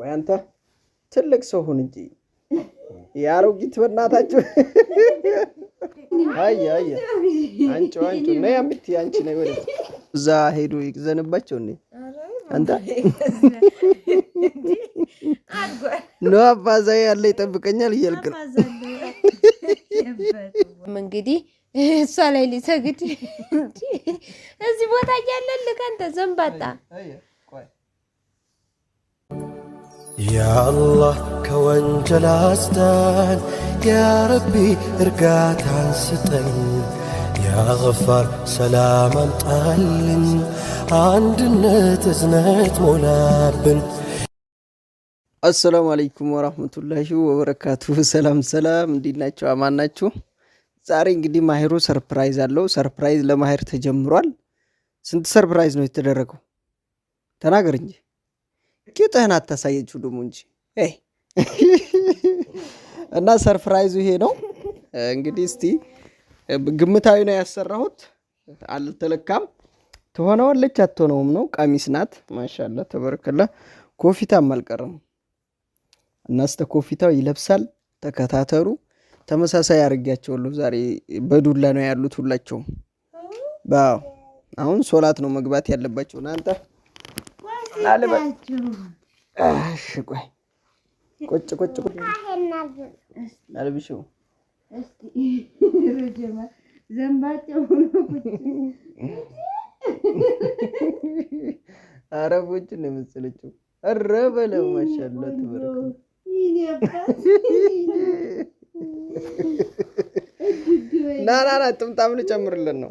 ቆይ አንተ ትልቅ ሰው ሁን እንጂ የአሮጊት በእናታችሁ። አየ አየ አንቺ አንቺ ነይ አምቲ አንቺ ነይ ወደ እዛ ሄዱ ይዘንባቸው እንዴ አንተ ኖ አባዛ ያለ ይጠብቀኛል እያልክ ነው እንግዲህ እሷ ላይ ሊሰግድ እዚህ ቦታ እያለን አንተ ዘንባጣ ያአላህ ከወንጀል አስዳን፣ ያረቢ እርጋታን ስጠን፣ ያገፋር ሰላም አምጣልን፣ አንድነት እዝነት ሞላብን። አሰላሙ አለይኩም ወራህመቱላሂ ወበረካቱ ሰላም ሰላም፣ እንዴት ናቸው? አማን ናችሁ? ዛሬ እንግዲህ ማሄሩ ሰርፕራይዝ አለው። ሰርፕራይዝ ለማሄር ተጀምሯል። ስንት ሰርፕራይዝ ነው የተደረገው? ተናገር እንጂ ጌጥህን አታሳየች ደግሞ እንጂ እና ሰርፕራይዙ ይሄ ነው እንግዲህ። እስቲ ግምታዊ ነው ያሰራሁት። አልተለካም። ትሆነዋለች አትሆነውም ነው። ቀሚስ ናት። ማሻላ ተበረከላ። ኮፊታም አልቀርም እና እስተ ኮፊታው ይለብሳል። ተከታተሉ። ተመሳሳይ አድርጊያቸዋለሁ። ዛሬ በዱላ ነው ያሉት ሁላቸውም። አሁን ሶላት ነው መግባት ያለባቸው እናንተ ቁጭ ቁጭ ቁጭ አልብሽው ዘንባቸው አረቦችን ነው የመሰለችው። እረ በለው ማሻላ ትበረክ ና ና ና ነው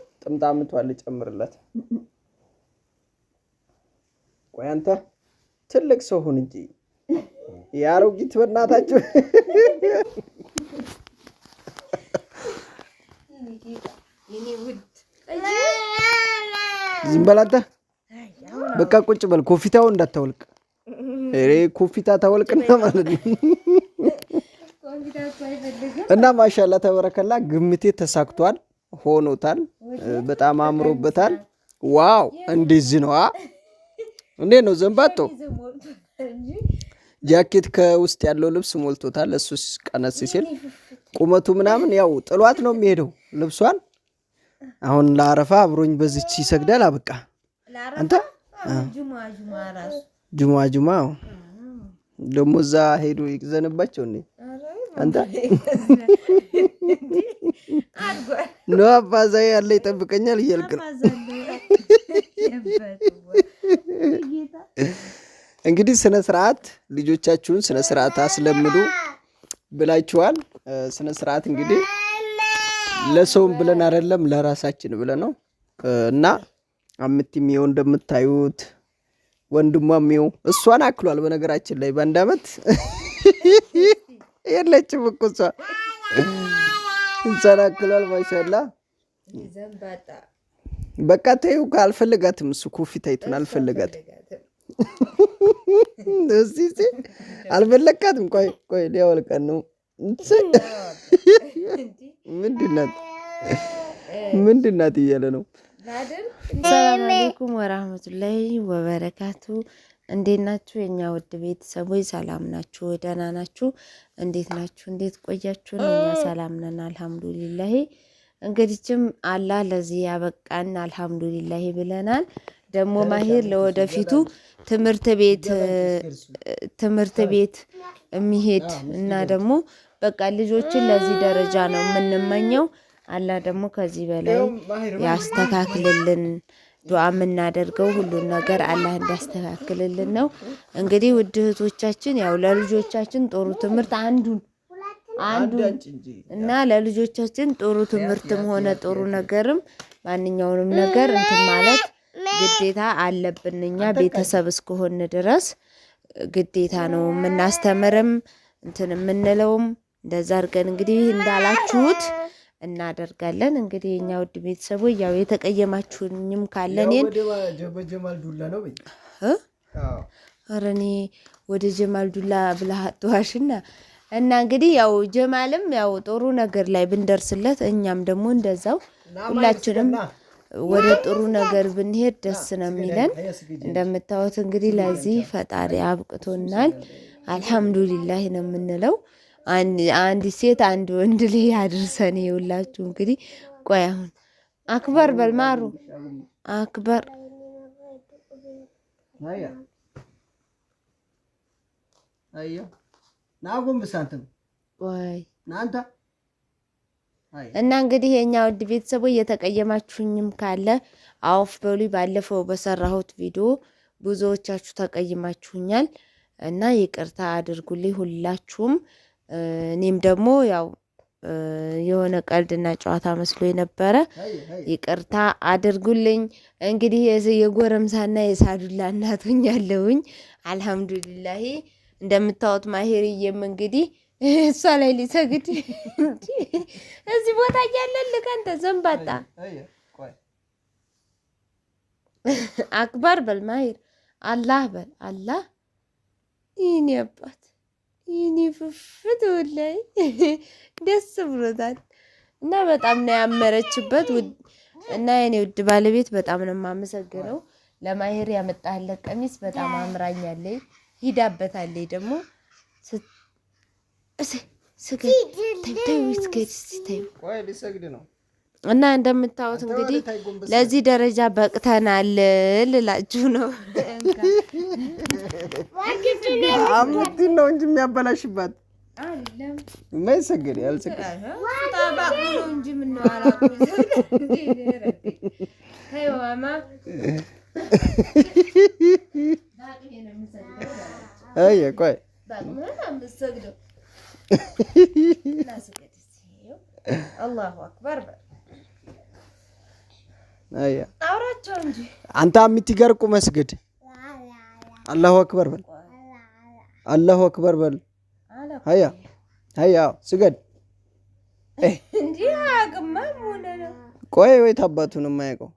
ጥምጣም ልጨምርለት። ቆይ አንተ ትልቅ ሰው ሁን እንጂ የአሮጊት በእናታችሁ ዝም በል አንተ። በቃ ቁጭ በል። ኮፊታው እንዳታወልቅ። ሬ ኮፊታ ታወልቅና ማለት ነው። እና ማሻላ ተበረከላ ግምቴ ተሳክቷል፣ ሆኖታል። በጣም አምሮበታል። ዋው እንደዚህ ነው። እንዴት ነው ዘንባጦ ጃኬት ከውስጥ ያለው ልብስ ሞልቶታል። እሱ ቀነስ ሲል ቁመቱ ምናምን ያው ጥሏት ነው የሚሄደው ልብሷን። አሁን ለአረፋ አብሮኝ በዚች ይሰግዳል። አበቃ አንተ ጁማ ጁማ ደግሞ እዛ ሄዱ ይዘንባቸው አንተ ኖ አባዛ ያለ ይጠብቀኛል እያልክ ነው። እንግዲህ ስነ ስርዓት ልጆቻችሁን ስነ ስርዓት አስለምዱ ብላችኋል። ስነ ስርዓት እንግዲህ ለሰውም ብለን አይደለም ለራሳችን ብለን ነው እና አምትሚው እንደምታዩት ወንድሟ ሚው እሷን አክሏል። በነገራችን ላይ በአንድ አመት የለችም እኮ እሷ ይንሰናክሏል። ማሻላ በቃ ተይው፣ አልፈልጋትም። እሱ ኮፊት አይቱን አልፈለጋትም። እዚ አልፈለጋትም። ቆይ ቆይ ሊያወልቀን ነው። ምንድን ናት ምንድን ናት እያለ ነው። ሰላም አለይኩም ወራህመቱላሂ ወበረካቱ እንዴት ናችሁ? የኛ ውድ ቤተሰቦች ሰላም ናችሁ? ደህና ናችሁ? እንዴት ናችሁ? እንዴት ቆያችሁ? እኛ ሰላም ነን፣ አልሐምዱሊላሂ። እንግዲችም አላህ ለዚህ ያበቃን አልሐምዱሊላሂ ብለናል። ደግሞ ማሄር ለወደፊቱ ትምህርት ቤት ትምህርት ቤት የሚሄድ እና ደግሞ በቃ ልጆችን ለዚህ ደረጃ ነው የምንመኘው። አላህ ደግሞ ከዚህ በላይ ያስተካክልልን። ዱዓ የምናደርገው ሁሉን ነገር አላህ እንዲያስተካክልልን ነው። እንግዲህ ውድ እህቶቻችን ያው ለልጆቻችን ጥሩ ትምህርት አንዱን አንዱን እና ለልጆቻችን ጥሩ ትምህርትም ሆነ ጥሩ ነገርም ማንኛውንም ነገር እንትን ማለት ግዴታ አለብን። እኛ ቤተሰብ እስከሆን ድረስ ግዴታ ነው የምናስተምርም እንትን የምንለውም እንደዛ አድርገን እንግዲህ እንዳላችሁት እናደርጋለን። እንግዲህ እኛ ውድ ቤተሰቡ ያው የተቀየማችሁኝም ካለ እኔን ኧረ እኔ ወደ ጀማል ዱላ ብለህ አትዋሽና እና እንግዲህ ያው ጀማልም ያው ጥሩ ነገር ላይ ብንደርስለት እኛም ደግሞ እንደዛው ሁላችንም ወደ ጥሩ ነገር ብንሄድ ደስ ነው የሚለን። እንደምታዩት እንግዲህ ለዚህ ፈጣሪ አብቅቶናል። አልሐምዱሊላህ ነው የምንለው። አንድ ሴት አንድ ወንድ ላይ ያድርሰን። ይውላችሁ እንግዲህ ቆይ አሁን አክበር በልማሩ አክበር እና እንግዲህ የኛ ውድ ቤተሰቡ እየተቀየማችሁኝም ካለ አውፍ በሉ። ባለፈው በሰራሁት ቪዲዮ ብዙዎቻችሁ ተቀይማችሁኛል እና ይቅርታ አድርጉልኝ ሁላችሁም። እኔም ደግሞ ያው የሆነ ቀልድና ጨዋታ መስሎ የነበረ ይቅርታ አድርጉልኝ። እንግዲህ የጎረምሳና የሳዱላ እናቶኝ ያለውኝ አልሐምዱሊላሂ እንደምታወት ማሄርዬም እንግዲህ እሷ ላይ ሊሰግድ እዚህ ቦታ እያለን ልከንተ ዘንባጣ አክባር በል ማሄር፣ አላህ በል አላህ ይህን ያባት ይህኔ ፍፍት ላይ ደስ ብሎታል እና በጣም ነው ያመረችበት። እና የኔ ውድ ባለቤት በጣም ነው የማመሰግነው። ለማሄር ያመጣህለት ቀሚስ በጣም አምራኛለይ፣ ሂዳበታለይ ደግሞ እና እንደምታዩት እንግዲህ ለዚህ ደረጃ በቅተናል ልላችሁ ነው። አምጥቲን ነው እንጂ የሚያበላሽባት ያልሰገድ ቆይ አንተ የምትገርቁ መስግድ አላሁ አክበር በል። አላሁ አክበር በል። ሀያ ሀያ ስገድ። ቆይ ወይ ታባቱ ነው የማያውቀው።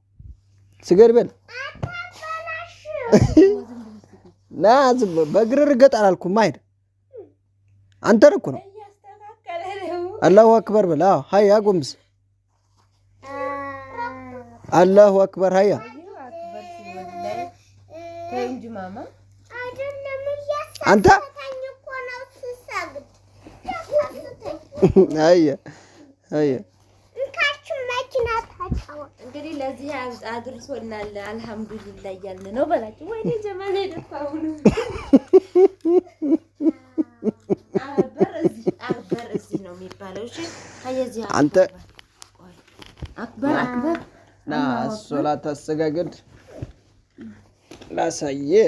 ስገድ በል። ና ዝም በእግር ርገጥ አላልኩም። ማሄድ አንተ እኮ ነው። አላሁ አክበር በል። ሀያ ጎንብስ። አላሁ አክበር ሀያ አንተ እንግዲህ ለዚህ አድርሶናል። አልሐምዱሊላህ እያልን ነው በላችሁ። ወይኔ ጀማል የደፋው አክበር እዚህ ነው የሚባለው። እሺ አንተ አክበር አክበር ና ሶላት አሰጋገድ ላሳየ